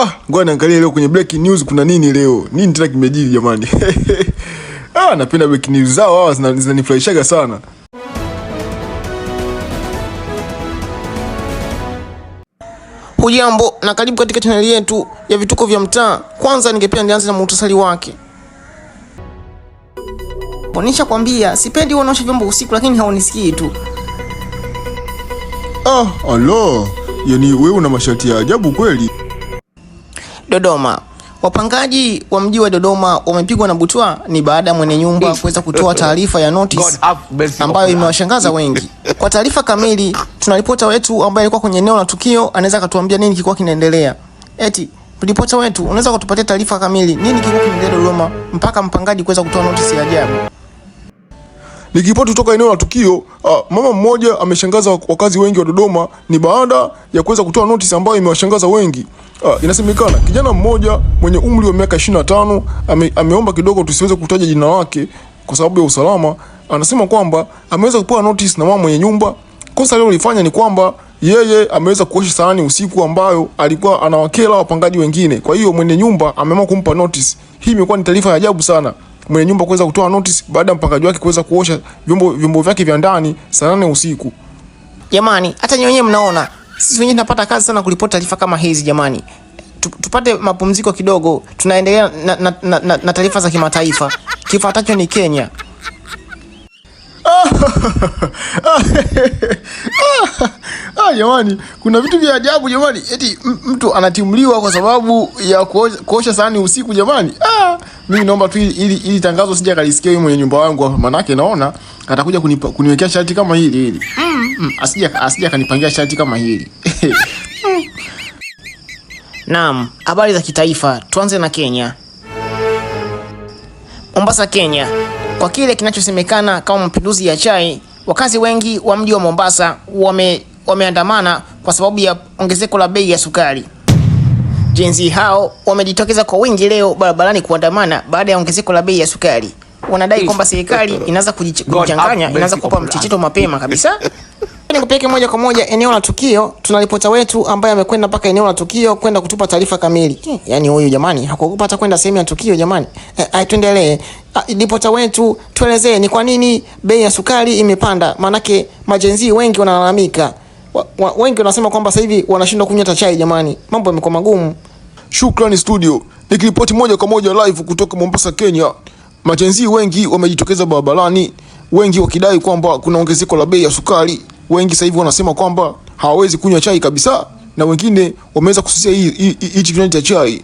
Ah, ngoja niangalie leo kwenye breaking news kuna nini leo? Nini tena kimejiri jamani? Ah, napenda breaking news zao hawa zinanifurahishaga sana. Hujambo na karibu katika chaneli yetu ya vituko vya mtaa. Kwanza ningependa nianze na muhtasari wake. onisha kwambia sipendi wanaosha vyombo usiku lakini haunisikii tu. Ah, alo. Yaani wewe una masharti ya ajabu kweli. Dodoma. Wapangaji wa mji wa Dodoma wamepigwa na butwa ni baada ya mwenye nyumba kuweza kutoa taarifa ya notice ambayo imewashangaza wengi. Kwa taarifa kamili, tuna ripota wetu ambaye alikuwa kwenye eneo la tukio, anaweza akatuambia nini kilikuwa kinaendelea. Eti ripota wetu, unaweza kutupatia taarifa kamili, nini kilikuwa kinaendelea Dodoma mpaka mpangaji kuweza kutoa notice ya ajabu? Nikiripoti kutoka eneo la tukio, uh, mama mmoja ameshangaza wakazi wengi wa Dodoma ni baada ya kuweza kutoa notice ambayo imewashangaza wengi. Uh, inasemekana kijana mmoja mwenye umri wa miaka 25 ame, ameomba kidogo tusiweze kutaja jina lake kwa sababu ya usalama. Anasema kwamba ameweza kupewa notice na mama mwenye nyumba. Kosa alilofanya ni kwamba yeye ameweza kuosha sahani usiku ambayo alikuwa anawakela wapangaji wengine. Kwa hiyo mwenye nyumba ameamua kumpa notice. Hii imekuwa ni taarifa ya ajabu sana. Mwenye nyumba kuweza kutoa notice baada ya mpangaji wake kuweza kuosha vyombo vyombo vyake vya ndani sahani usiku. Jamani, hata nyinyi mnaona sisi wenyewe tunapata kazi sana kulipoti taarifa kama hizi jamani. Tupate mapumziko kidogo, tunaendelea na, na, na, na taarifa za kimataifa. Kifuatacho ni Kenya. Ah, ah, jamani, kuna vitu vya ajabu jamani. Eti mtu anatimuliwa kwa sababu ya kuosha sahani usiku jamani. Ah, mimi naomba tu ili, ili tangazo sija kalisikia yule mwenye nyumba wangu hapa, manake naona atakuja kuniwekea sharti kama hili hili. Mm, mm asija asija kanipangia sharti kama hili. Mm. Naam, habari za kitaifa. Tuanze na Kenya. Mombasa, Kenya, kwa kile kinachosemekana kama mapinduzi ya chai, wakazi wengi wa mji wa Mombasa wame, wameandamana kwa sababu ya ongezeko la bei ya sukari. Jenzi hao wamejitokeza kwa wingi leo barabarani kuandamana baada ya ongezeko la bei ya sukari. Wanadai kwamba serikali inaanza kujichanganya, inaanza kupa mchichito mapema kabisa Ili kupeleke moja kwa moja eneo la tukio, tuna ripota wetu ambaye amekwenda mpaka eneo la tukio kwenda kutupa taarifa kamili. Eh, yani huyu jamani hakuogopa hata kwenda sehemu ya tukio jamani. Eh, tuendelee. Ah, ripota wetu, tuelezee ni kwa nini bei ya sukari imepanda? Maanake majenzi wengi wanalalamika. Wa, wa, wengi wanasema kwamba sasa hivi wanashindwa kunywa chai jamani. Mambo yamekuwa magumu. Shukrani studio. Nikiripoti moja kwa moja live kutoka Mombasa, Kenya. Majenzi wengi wamejitokeza barabarani, wengi wakidai kwamba kuna ongezeko la bei ya sukari wengi sasa hivi wanasema kwamba hawawezi kunywa chai kabisa, na wengine wameweza kususia hichi kinywaji cha chai.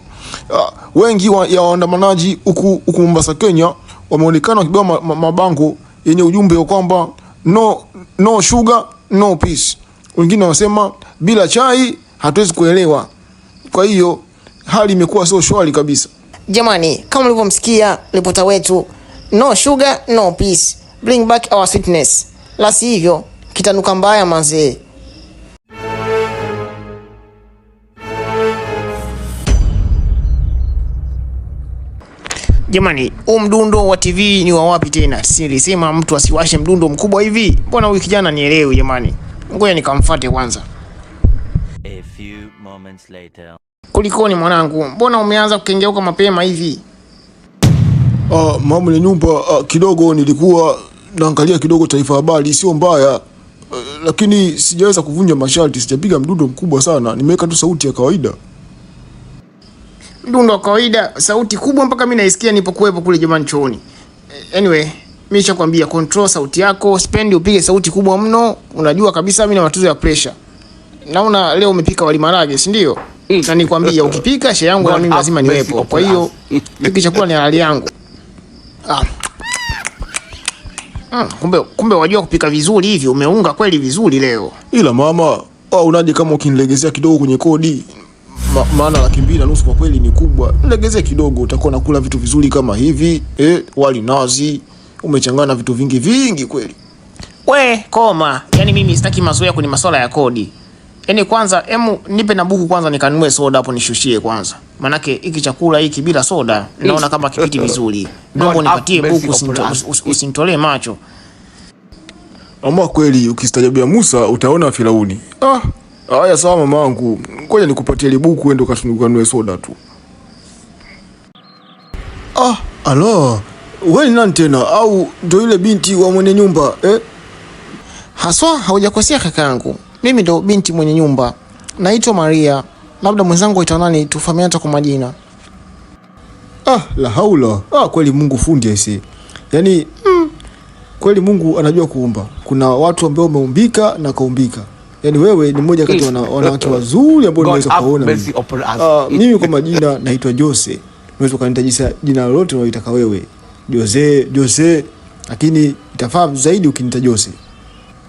Uh, wengi wa, ya waandamanaji huku huku Mombasa Kenya wameonekana wakibeba mabango ma, ma, yenye ujumbe wa kwamba no, no sugar no peace. Wengine wanasema bila chai hatuwezi kuelewa. Kwa hiyo hali imekuwa sio shwari kabisa. Jamani, kama mlivyomsikia ripota wetu, no sugar no peace, bring back our sweetness, la sivyo kitanuka mbaya manzee. Jamani, huu mdundo wa TV ni wa wapi tena? Silisema mtu asiwashe mdundo mkubwa hivi. Mbona huyu kijana nielewi? Jamani, ngoja nikamfuate kwanza. A few moments later. Kulikoni mwanangu, mbona umeanza kukengeuka mapema hivi? Ah, mamu ni nyumba. uh, kidogo nilikuwa naangalia kidogo Taifa Habari, sio mbaya. Eh, lakini sijaweza kuvunja masharti, sijapiga mdundo mkubwa sana, nimeweka tu sauti ya kawaida. Mdundo wa kawaida, sauti kubwa mpaka mimi naisikia nipokuwepo kule jamani chooni. Eh, anyway, mimi nishakwambia control sauti yako, sipendi upige sauti kubwa mno. Unajua kabisa mimi na matatizo ya pressure. Naona leo umepika wali marage, si ndio? Eh. Na nikwambia ukipika shehe yangu na mimi lazima niwepo. Kwa hiyo hiki chakula ni halali yangu. Ah, Ah, kumbe, kumbe wajua kupika vizuri hivi. Umeunga kweli vizuri leo. Ila mama, au unaje kama ukinilegezea kidogo kwenye kodi? Ma, maana laki mbili na nusu kwa kweli ni kubwa. Nilegezee kidogo, utakuwa nakula vitu vizuri kama hivi eh, wali nazi umechanganya na vitu vingi vingi kweli. We koma, yaani mimi sitaki mazoea kwenye masuala ya kodi. Yaani kwanza, hemu nipe na buku kwanza nikanunue soda hapo nishushie kwanza manake hiki chakula hiki bila soda naona kama kipiti vizuri. Dongo nipatie buku, usinitolee macho. Ama kweli ukistaajabia Musa utaona Firauni. Ah, haya sawa mamangu, ngoja nikupatie libuku uende ukatunukanue soda tu. Ah, alo, wewe ni nani tena? Au ndio yule binti wa mwenye nyumba eh? Haswa haujakosea yangu mimi ndo binti mwenye nyumba, naitwa Maria labda mwenzangu aitwa nani, tufahamiane hata kwa majina. Ah, la haula. Ah, kweli Mungu fundi aisee. Yaani mm, kweli Mungu anajua kuumba. Kuna watu ambao wameumbika na kaumbika. Yaani wewe ni mmoja kati ya wanawake wazuri ambao unaweza kuona. Ah, mimi kwa majina naitwa Jose. Unaweza ukaniita jisa jina lolote unalotaka wewe. Jose, Jose, lakini itafaa zaidi ukiniita Jose.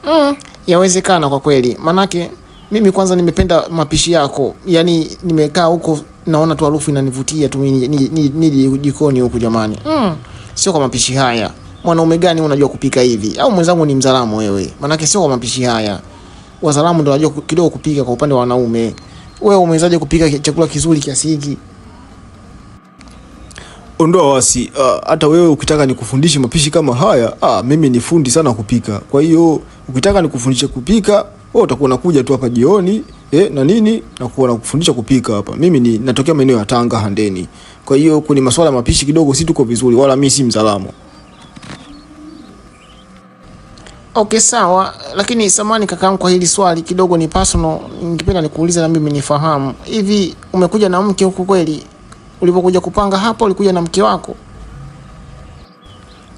Mm, yawezekana kwa kweli. Manake mimi kwanza nimependa mapishi yako, yani nimekaa huko naona tu harufu inanivutia tu, nije ni, jikoni huku jamani. Mm, sio kwa mapishi haya. Mwanaume gani unajua kupika hivi? Au mwenzangu ni mzalamu wewe? Maanake sio kwa mapishi haya. Wazalamu ndio wanajua kidogo kupika kwa upande wa wanaume. Wewe umewezaje kupika chakula kizuri kiasi hiki? Ondoa wasi. Ah, hata wewe ukitaka nikufundishe mapishi kama haya, ah, mimi ni fundi sana kupika. Kwa hiyo ukitaka nikufundishe kupika wewe utakuwa unakuja tu hapa jioni eh, na nini na kuwa nakufundisha kupika hapa. Mimi ni natokea maeneo ya Tanga Handeni, kwa hiyo kuni masuala ya mapishi kidogo si tuko vizuri, wala mimi si mzalamu. Okay, sawa, lakini samani kakaangu, kwa hili swali kidogo ni personal, ningependa nikuulize na mimi nifahamu. Hivi umekuja na mke huku kweli? Ulipokuja kupanga hapa ulikuja na mke wako?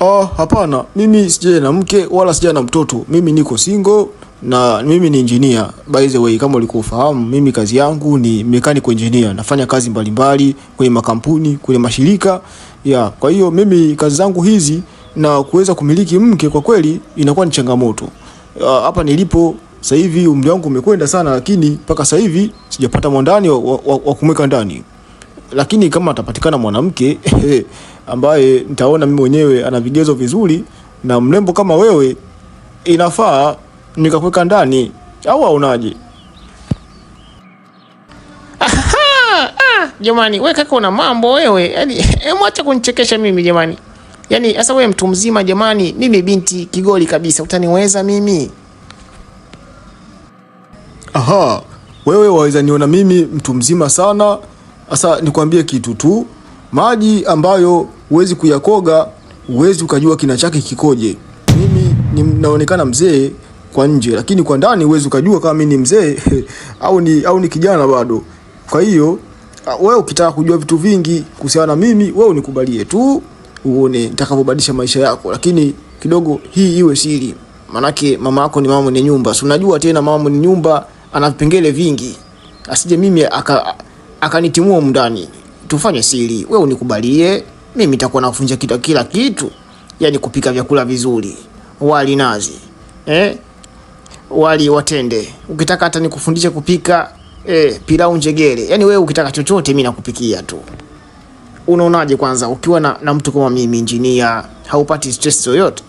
Oh, hapana, mimi sijaja na mke wala sijaja na mtoto, mimi niko single na mimi ni engineer by the way, kama ulikufahamu mimi kazi yangu ni mechanical engineer. Nafanya kazi mbalimbali mbali, kwenye makampuni, kwenye mashirika ya. Kwa hiyo mimi kazi zangu hizi na kuweza kumiliki mke kwa kweli inakuwa ni changamoto hapa nilipo sasa hivi. Umri wangu umekwenda sana, lakini mpaka sasa hivi sijapata mwandani wa, wa, wa kumweka ndani, lakini kama atapatikana mwanamke ambaye nitaona mimi mwenyewe ana vigezo vizuri na mrembo kama wewe, inafaa nikakuweka ndani au haunaje? Ah, jamani, we kaka, una mambo wewe, yaani eh, mwacha kunichekesha mimi jamani. yani sasa wewe mtu mzima jamani, mimi binti kigoli kabisa, utaniweza mimi? Aha, wewe waweza niona mimi mtu mzima sana. Sasa nikwambie kitu tu, maji ambayo huwezi kuyakoga, huwezi ukajua kina chake kikoje. Mimi ninaonekana mzee kwa nje, lakini kwa ndani huwezi ukajua kama mimi ni mzee au ni au ni kijana bado. Kwa hiyo wewe ukitaka kujua vitu vingi kuhusiana na mimi, wewe unikubalie tu uone nitakavyobadilisha maisha yako, lakini kidogo hii iwe siri, manake mama yako ni mama mwenye nyumba, si unajua tena mama mwenye nyumba ana vipengele vingi, asije mimi akanitimua aka mndani. Tufanye siri, wewe unikubalie mimi, nitakuwa nakufunza kila kitu, yani kupika vyakula vizuri, wali nazi eh wali watende, ukitaka hata nikufundishe kupika eh, pilau njegere yani wewe ukitaka chochote mimi nakupikia tu. Unaonaje? Kwanza ukiwa na, na mtu kama mimi injinia, haupati stress yoyote?